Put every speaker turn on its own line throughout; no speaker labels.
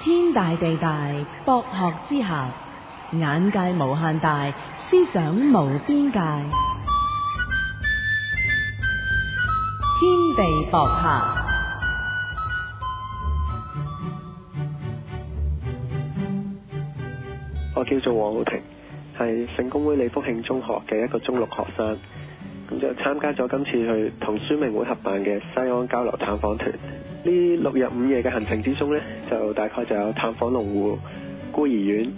天大地大，博學之下，眼界無限大，思想無邊界。天地博客，我叫做王浩庭，係聖公會利福慶中學嘅一個中六學生。就參加咗今次去同宣明會合辦嘅西安交流探訪團。呢六日五夜嘅行程之中呢就大概就有探訪農戶、孤兒院、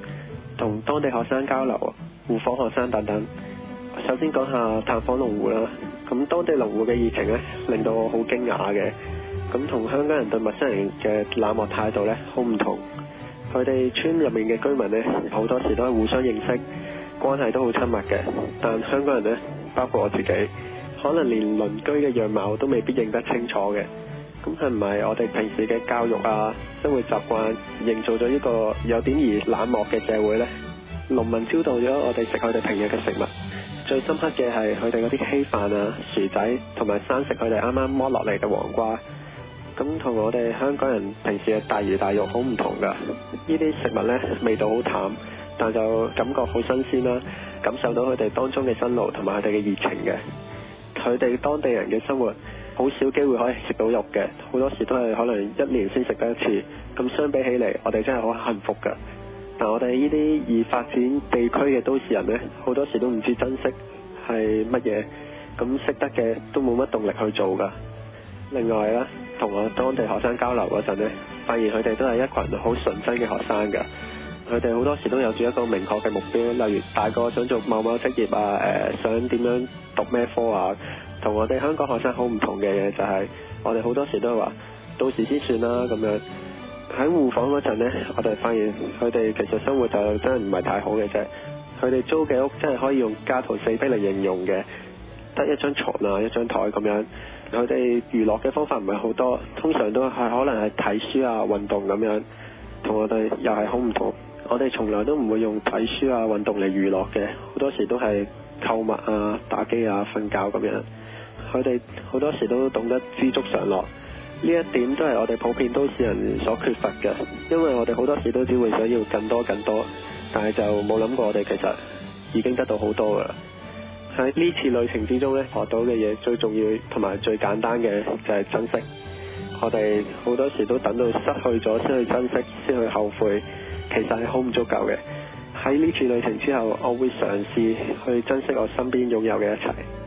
同當地學生交流、互訪學生等等。首先講下探訪農戶啦。咁當地農戶嘅熱情呢，令到我好驚訝嘅。咁同香港人對陌生人嘅冷漠態度呢，好唔同。佢哋村入面嘅居民呢，好多時都係互相認識，關係都好親密嘅。但香港人呢，包括我自己，可能連鄰居嘅樣貌都未必認得清楚嘅。咁係唔係我哋平時嘅教育啊、生活習慣，營造咗一個有點而冷漠嘅社會呢？農民招待咗我哋食佢哋平日嘅食物，最深刻嘅係佢哋嗰啲稀飯啊、薯仔，同埋生食佢哋啱啱剝落嚟嘅黃瓜。咁同我哋香港人平時嘅大魚大肉好唔同㗎。呢啲食物呢，味道好淡，但就感覺好新鮮啦、啊。感受到佢哋當中嘅辛勞同埋佢哋嘅熱情嘅，佢哋當地人嘅生活好少機會可以食到肉嘅，好多時都係可能一年先食得一次。咁相比起嚟，我哋真係好幸福噶。但我哋呢啲已發展地區嘅都市人呢，好多時都唔知珍惜係乜嘢，咁識得嘅都冇乜動力去做噶。另外咧，同我當地學生交流嗰陣咧，發現佢哋都係一群好純真嘅學生噶。佢哋好多時都有住一個明確嘅目標，例如大個想做某某職業啊，誒、呃、想點樣讀咩科啊，同我哋香港學生好唔同嘅嘢，就係、是，我哋好多時都係話到時先算啦咁樣。喺護房嗰陣呢，我哋發現佢哋其實生活就真係唔係太好嘅啫。佢哋租嘅屋真係可以用家徒四壁嚟形容嘅，得一張床啊，一張台咁樣。佢哋娛樂嘅方法唔係好多，通常都係可能係睇書啊、運動咁樣，同我哋又係好唔同。我哋從來都唔會用睇書啊、運動嚟娛樂嘅，好多時都係購物啊、打機啊、瞓覺咁樣。佢哋好多時都懂得知足常樂，呢一點都係我哋普遍都市人所缺乏嘅，因為我哋好多時都只會想要更多更多，但係就冇諗過我哋其實已經得到好多噶啦。喺呢次旅程之中呢，學到嘅嘢最重要同埋最簡單嘅就係珍惜。我哋好多時都等到失去咗先去珍惜，先去後悔。其實係好唔足夠嘅。喺呢次旅程之後，我會嘗試去珍惜我身邊擁有嘅一切。